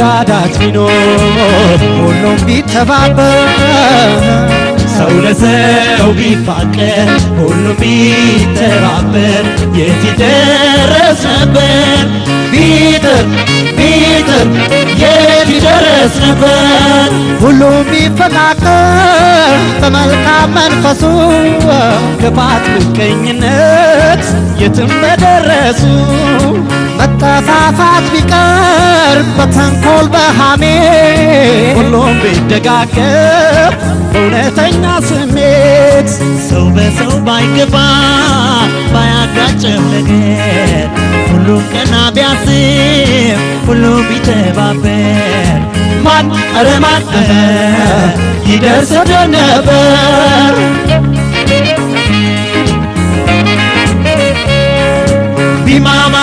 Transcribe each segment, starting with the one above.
መረዳዳት ቢኖር ሁሉም ቢተባበር ሰው ለሰው ቢፋቀር ሁሉም ቢተባበር የት ይደረስ ነበር ቢጥር ቢጥር የት ይደርስ ነበር? ሁሉም ቢፈቃቀር በመልካም መንፈሱ ክፋት፣ ምቀኝነት የትም በደረሱ መጠፋፋት ቢቀር በተንኮል በሃሜ ሁሉም ቢደጋገፍ በእውነተኛ ስሜት ሰው በሰው ባይገባ ባያጋጨም ሁሉ ቀና ቢያስብ ሁሉ ቢተባበር ማን ኧረ ማን ይደርስልን ነበር። ቢማማ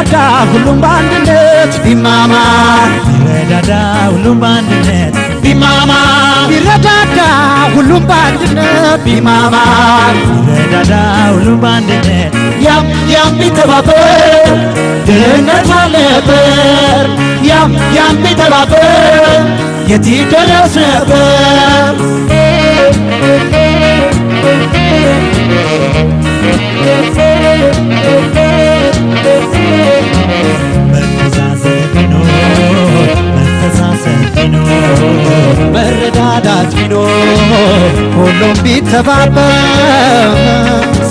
ቢረዳዳ ሁሉም በአንድነት ቢማማ ቢረዳዳ ሁሉም በአንድነት ቢማማ ቢረዳዳ ሁሉም በአንድነት ቢማማ ቢረዳዳ ሁሉም በአንድነት ያም ያም ቢተባበር ድህነት አልነበር ያም ያም ቢተባበር የት ይደረስ ነበር እውነት ቢኖር ሁሉም ቢተባበር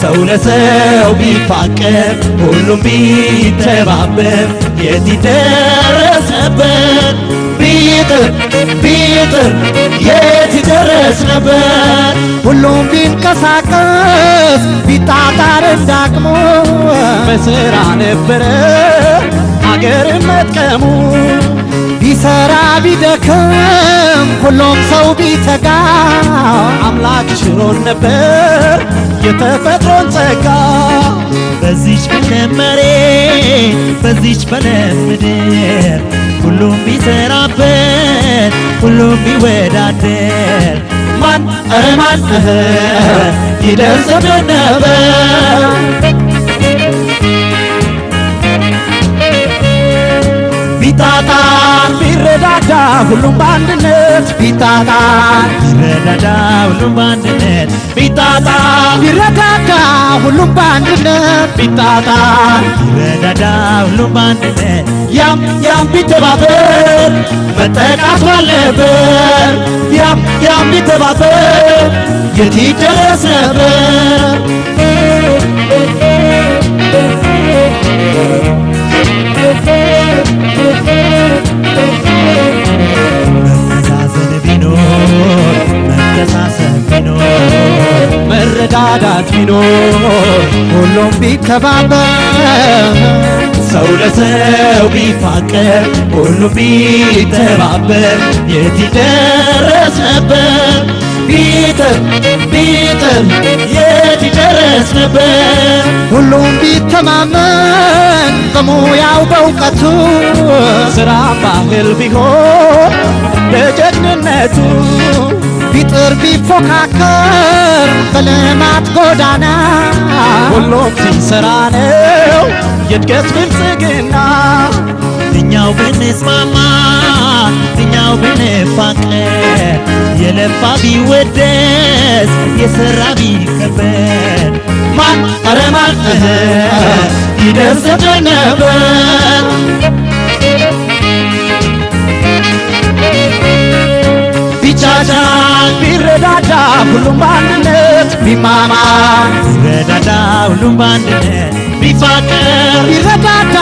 ሰው ለሰው ቢፋቀር ሁሉም ቢተባበር የት ይደረስ ቢጥር ቢጥር የት ይደረስ ነበር? ሁሉም ቢንቀሳቀስ ቢጣጣር እንዳቅሞ በስራ ነበረ አገርን መጥቀሙ ቢሰራ ቢደክም ሁሉም ሰው ቢተጋ አምላክ ችሎን ነበር የተፈጥሮን ጸጋ። በዚች በለም በዚች በለም ምድር ሁሉም ቢሰራበት ሁሉም ቢወዳደር ማን ኧረ ማን ይደርስብን ነበር ቢታጣ ሁሉም በአንድነት ቢታጣ ቢረዳዳ ሁሉም በአንድነት ቢጣጣ ቢረዳዳ ሁሉም በአንድነት ቢጣጣ ቢረዳዳ ሁሉም በአንድነት ያም ያም ቢተባበር መጠቃት ባለበር ያም ያም ቢተባበር የት ይደረስ ነበር መጣዳት ቢኖር ሁሉም ቢተባበር ሰው ለሰው ቢፋቀር ሁሉም ቢተባበር የት ይደረስ ነበር? ቢጥር ቢጥር የት ይደረስ ነበር? ሁሉም ቢተማመን በሙያው በእውቀቱ ስራ ባህል ቢሆን ለጀግንነቱ ቢጥር ቢፎካከር በልማት ጎዳና ሁሉም ሲሰራ ነው የእድገት ብልጽግና። እኛው ብንስማማ እኛው ብንፋቀር የለፋ ቢወደስ የሰራ ቢከበር ማን ረማን ይደርሰን ነበር ቢማማ ቢረዳዳ ሁሉም በአንድነት ቢፋቀር ቢረዳዳ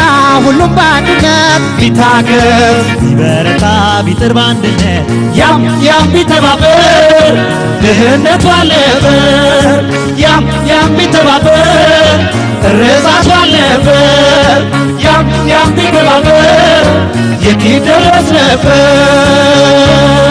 ሁሉም በአንድነት ቢታገር ቢበረታ ቢጥር በአንድነት ያም ያም ቢተባበር ድህነት ባለበት ያም ያም ቢተባበር እርዛት ባለበት ያም ያም ቢተባበር የት ይደረስ ነበር